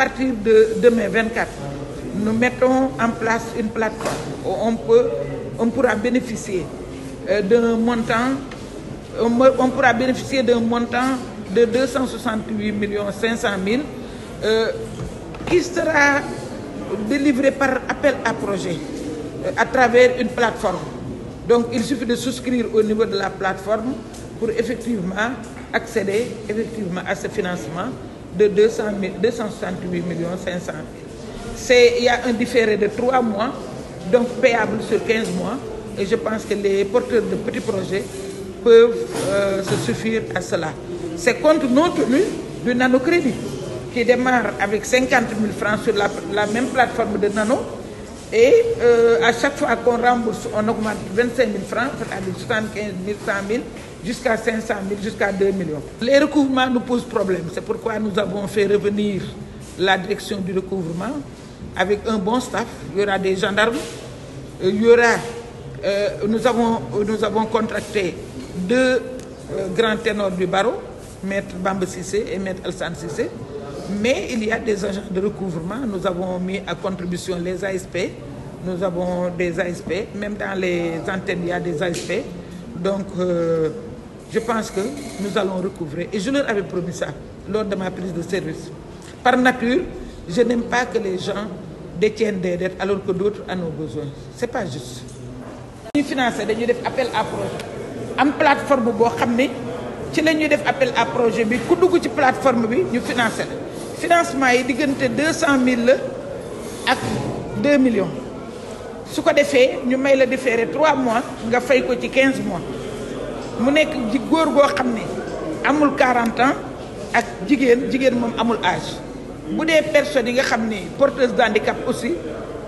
À partir de demain 24, nous mettons en place une plateforme où on, peut, on pourra bénéficier euh, d'un montant on pourra bénéficier d'un montant de 268 500 000 qui sera délivré par appel à projet euh, à travers une plateforme. Donc il suffit de souscrire au niveau de la plateforme pour effectivement accéder effectivement à ce financement de 268 millions 500 000. C'est, il y a un différé de 3 mois, donc payable sur 15 mois. Et je pense que les porteurs de petits projets peuvent euh, se suffire à cela. C'est compte non tenu du nanocrédit qui démarre avec 50 000 francs sur la, même plateforme de nano. Et euh, à chaque fois qu'on rembourse, on augmente 25 000 francs, c'est-à-dire 75 000, 100 000 jusqu'à 500 000, jusqu'à 2 millions. Les recouvrements nous posent problème. C'est pourquoi nous avons fait revenir la direction du recouvrement avec un bon staff. Il y aura des gendarmes. Euh, il y aura, euh, nous, avons, nous avons contracté deux euh, grands ténors du barreau, Maître Bamba Sissé et Maître Alsan Sissé. Mais il y a des agents de recouvrement. Nous avons mis à contribution les ASP. Nous avons des ASP. Même dans les antennes, il y a des ASP. Donc, je pense que nous allons recouvrer. Et je leur avais promis ça lors de ma prise de service. Par nature, je n'aime pas que les gens détiennent des dettes alors que d'autres en ont besoin. Ce n'est pas juste. Nous finançons, nous devons appel à projet. Une plateforme Si nous faisons appel à projet. Nous avons une plateforme nous finance. Le financement est de 200 000 à 2 millions. Ce qu'on a fait, nous avons fait 3 mois, nous avons fait 15 mois mu nekk ji góor goo xam ne amul 40 ans ak jigéen jigéen moom amul âge bu dee personnes yi nga xam ne d'handicap aussi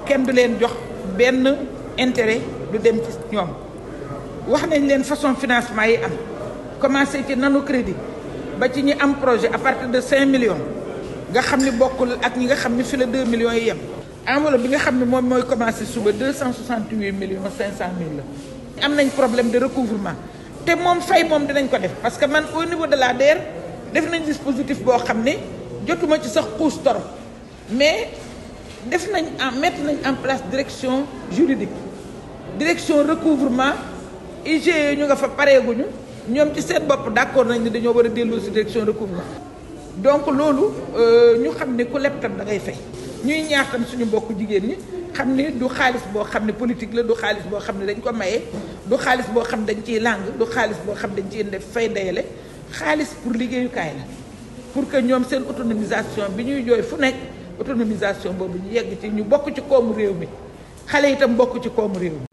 kenn du leen jox benn intérêt du dem ci ñoom wax nañ leen façon financement yi am commencé ci nano crédit ba ci ñi am projet à partir de 5 millions nga xam ni bokkul ak ñi nga xam fi la 2 millions yi yem enveloppe bi nga xam ne moom mooy commencé suba 268 millions 500 mille la am nañ problème de recouvrement te moom fay moom dinañ ko def parce que man au niveau de la DER def nañ dispositif boo xam ne jotuma ci sax xuus torop mais def nañ en mettre nañ en place direction juridique direction recouvrement IGE ñu nga fa pareeguñu ñoom ci seen bopp d'accord nañ ne dañoo war a dellu si direction recouvrement donc loolu euh, ñu xam ne ku leb da ngay fay ñuy ñaax suñu mbokk jigéen ñi xam ni du xaalis boo xam ne politique la du xaalis boo xam ne dañ ko maye du xaalis boo xam dañ ciy làng du xaalis boo xam dañ ciy def fay dayale xaalis pour liggéeyukaay la pour que ñoom seen autonomisation bi ñuy jooy fu nekk autonomisation boobu ñu yegg ci ñu bokk ci koomu réew mi xale itam bokk ci koomu réew mi